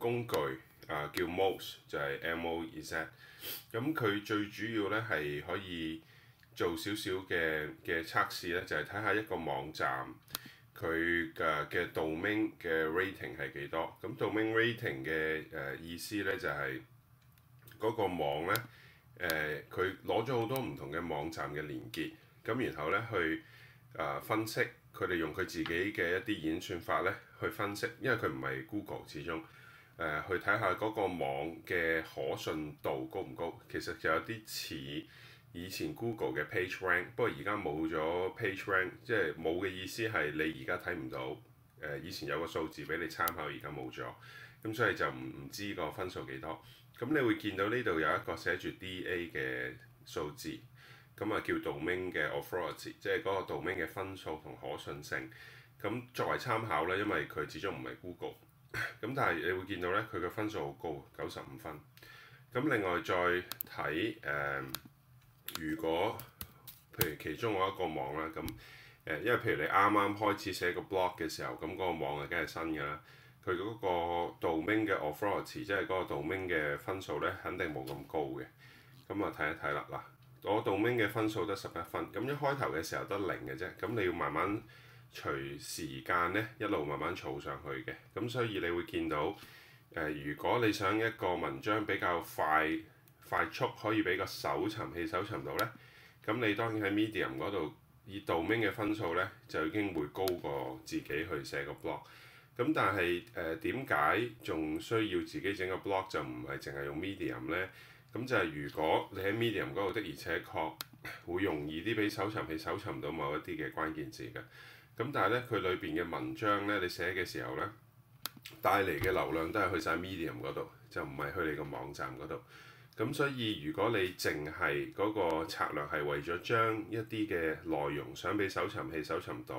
工具啊、呃，叫 Moz 就係 M O Z 咁佢最主要咧，係可以做少少嘅嘅測試咧，就係、是、睇下一個網站佢嘅嘅、呃、domain 嘅 rating 係幾多。咁 domain rating 嘅誒、呃、意思咧就係、是、嗰個網咧誒，佢攞咗好多唔同嘅網站嘅連結，咁然後咧去啊、呃、分析佢哋用佢自己嘅一啲演算法咧去分析，因為佢唔係 Google 始終。誒去睇下嗰個網嘅可信度高唔高，其實就有啲似以前 Google 嘅 Page Rank，不過而家冇咗 Page Rank，即係冇嘅意思係你而家睇唔到。誒，以前有個數字俾你參考，而家冇咗，咁所以就唔唔知個分數幾多。咁你會見到呢度有一個寫住 DA 嘅數字，咁啊叫 domain 嘅 authority，即係嗰個 domain 嘅分數同可信性。咁作為參考咧，因為佢始終唔係 Google。咁但係你會見到咧，佢嘅分數好高，九十五分。咁另外再睇誒、呃，如果譬如其中我一個網啦，咁誒、呃、因為譬如你啱啱開始寫個 blog 嘅時候，咁嗰個網啊，梗係新㗎啦。佢嗰個 domain 嘅 authority，即係嗰個 domain 嘅分數咧，肯定冇咁高嘅。咁啊，睇一睇啦。嗱，我 domain 嘅分數得十一分，咁一開頭嘅時候得零嘅啫。咁你要慢慢。隨時間咧一路慢慢儲上去嘅，咁所以你會見到誒、呃，如果你想一個文章比較快快速可以俾個搜尋器搜尋到咧，咁你當然喺 medium 嗰度以 domain 嘅分數咧就已經會高過自己去寫個 blog。咁但係誒，點解仲需要自己整個 blog 就唔係淨係用 medium 咧？咁就係如果你喺 medium 嗰度的而且確會容易啲俾搜尋器搜尋到某一啲嘅關鍵字嘅。咁但係咧，佢裏邊嘅文章咧，你寫嘅時候咧，帶嚟嘅流量都係去晒 Medium 嗰度，就唔係去你個網站嗰度。咁所以如果你淨係嗰個策略係為咗將一啲嘅內容想俾搜尋器搜尋到，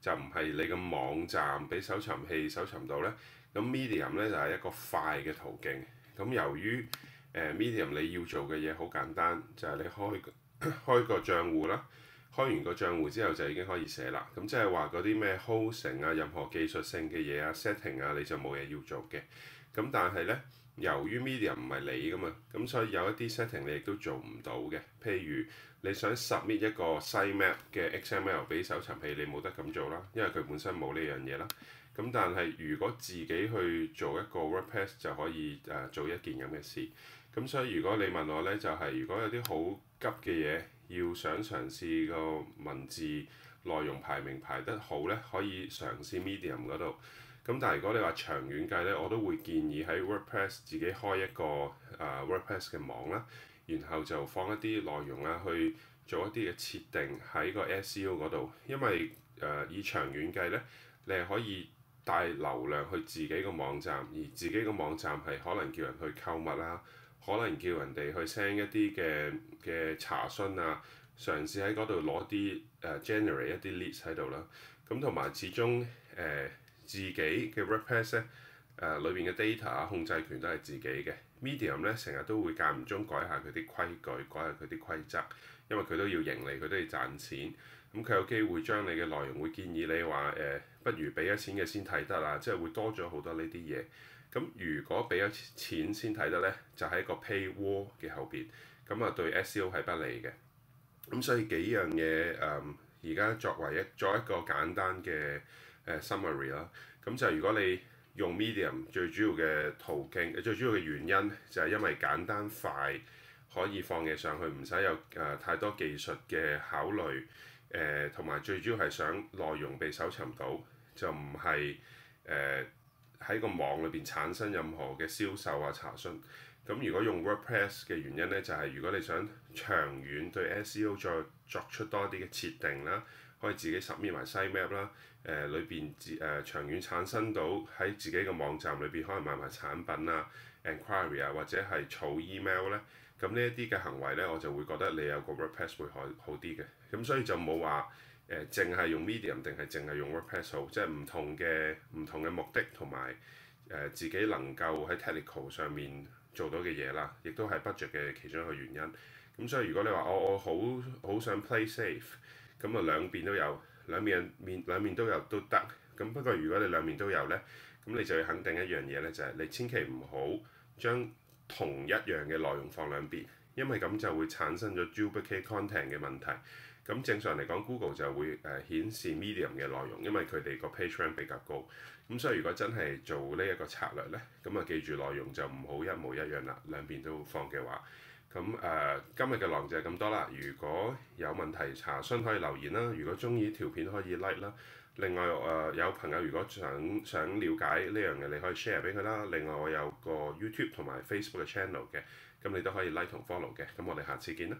就唔係你嘅網站俾搜尋器搜尋到咧。咁 Medium 咧就係、是、一個快嘅途徑。咁由於誒、呃、Medium 你要做嘅嘢好簡單，就係、是、你開個 開個賬戶啦。開完個賬戶之後就已經可以寫啦。咁即係話嗰啲咩 hosting 啊、任何技術性嘅嘢啊、setting 啊，你就冇嘢要做嘅。咁但係咧，由於 media 唔係你噶嘛，咁所以有一啲 setting 你亦都做唔到嘅。譬如你想 submit 一個 sitemap 嘅 XML 俾搜尋器，你冇得咁做啦，因為佢本身冇呢樣嘢啦。咁但係如果自己去做一個 WordPress 就可以誒、啊、做一件咁嘅事。咁所以如果你問我咧，就係、是、如果有啲好急嘅嘢。要想嘗試個文字內容排名排得好咧，可以嘗試 Medium 嗰度。咁但係如果你話長遠計咧，我都會建議喺 WordPress 自己開一個啊 WordPress 嘅網啦，然後就放一啲內容啊，去做一啲嘅設定喺個 SEO 嗰度。因為誒、呃、以長遠計咧，你係可以帶流量去自己個網站，而自己個網站係可能叫人去購物啦。可能叫人哋去 send 一啲嘅嘅查詢啊，嘗試喺嗰度攞啲誒 generate 一啲 list 喺度啦。咁同埋始終誒、呃、自己嘅 WordPress 咧誒裏邊嘅 data 啊控制權都係自己嘅。Medium 咧成日都會間唔中改下佢啲規矩，改下佢啲規則，因為佢都要盈利，佢都要賺錢。咁、嗯、佢有機會將你嘅內容會建議你話誒、呃，不如俾咗錢嘅先睇得啦，即係會多咗好多呢啲嘢。咁如果俾咗錢先睇得咧，就喺、是、個 pay wall 嘅後邊，咁啊對 SEO 係不利嘅。咁所以幾樣嘢誒，而、呃、家作為一作為一個簡單嘅誒、呃、summary 啦。咁就如果你用 medium 最主要嘅途徑，最主要嘅原因就係因為簡單快，可以放嘢上去，唔使有誒、呃、太多技術嘅考慮。誒同埋最主要係想內容被搜尋到，就唔係誒。呃喺個網裏邊產生任何嘅銷售啊、查詢，咁如果用 WordPress 嘅原因咧，就係、是、如果你想長遠對 SEO 再作出多啲嘅設定啦，可以自己 submit 埋 site map 啦、呃，誒裏邊自誒長遠產生到喺自己嘅網站裏邊可能賣埋產品啊、enquiry 啊或者係儲 email 咧，咁呢一啲嘅行為咧，我就會覺得你有個 WordPress 會好好啲嘅，咁所以就冇話。誒淨係用 medium 定係淨係用 WordPress，即係唔同嘅唔同嘅目的同埋誒自己能夠喺 technical 上面做到嘅嘢啦，亦都係 budget 嘅其中一個原因。咁所以如果你話我、哦、我好好想 play safe，咁啊兩邊都有兩面兩面都有都得。咁不過如果你兩面都有咧，咁你就要肯定一樣嘢咧，就係、是、你千祈唔好將同一樣嘅內容放兩邊。因為咁就會產生咗 duplicate content 嘅問題。咁正常嚟講，Google 就會誒、呃、顯示 medium 嘅內容，因為佢哋個 page rank 比較高。咁所以如果真係做呢一個策略咧，咁啊記住內容就唔好一模一樣啦，兩邊都放嘅話。咁誒、呃，今日嘅內容就係咁多啦。如果有問題查詢可以留言啦。如果鍾意條片可以 like 啦。另外誒、呃，有朋友如果想想了解呢樣嘢，你可以 share 俾佢啦。另外我有個 YouTube 同埋 Facebook 嘅 channel 嘅，咁你都可以 like 同 follow 嘅。咁我哋下次見啦。